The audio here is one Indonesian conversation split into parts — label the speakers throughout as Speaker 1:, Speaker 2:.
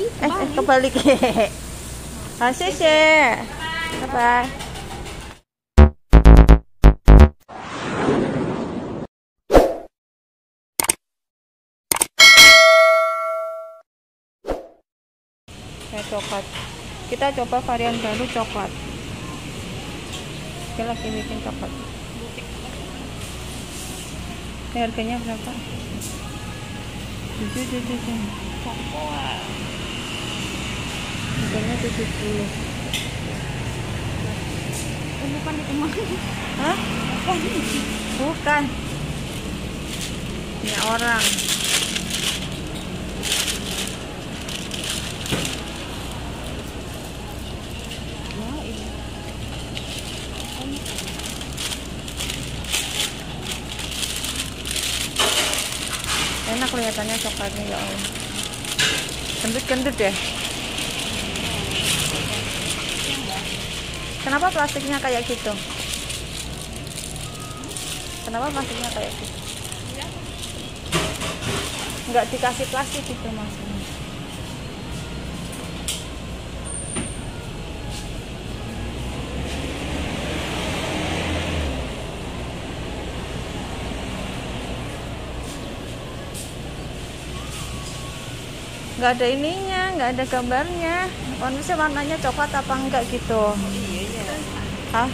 Speaker 1: eh, eh kebalik. Hasil sih Bye bye. coklat. Kita coba varian baru coklat. Kita lagi bikin coklat. Ini harganya berapa? Tujuh, tujuh, tujuh. Coklat harganya tujuh puluh. bukan itu mah Hah? bukan bukan ini orang enak kelihatannya coklatnya ya Allah kentut-kentut ya Kenapa plastiknya kayak gitu? Kenapa plastiknya kayak gitu? Enggak dikasih plastik gitu maksudnya. Enggak ada ininya, enggak ada gambarnya. Warnanya warnanya coklat apa enggak gitu. iya eh,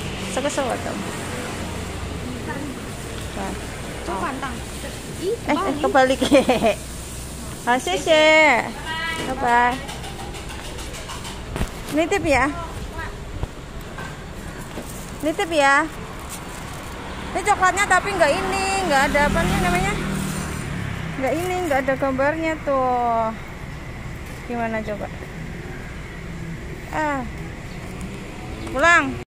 Speaker 1: bye, hehehe。好，谢谢，拜拜。Nitip ya. Nitip ya. Ini coklatnya tapi nggak ini, nggak ada apa nih namanya? Nggak ini, nggak ada gambarnya tuh. Gimana coba? Ah. Pulang.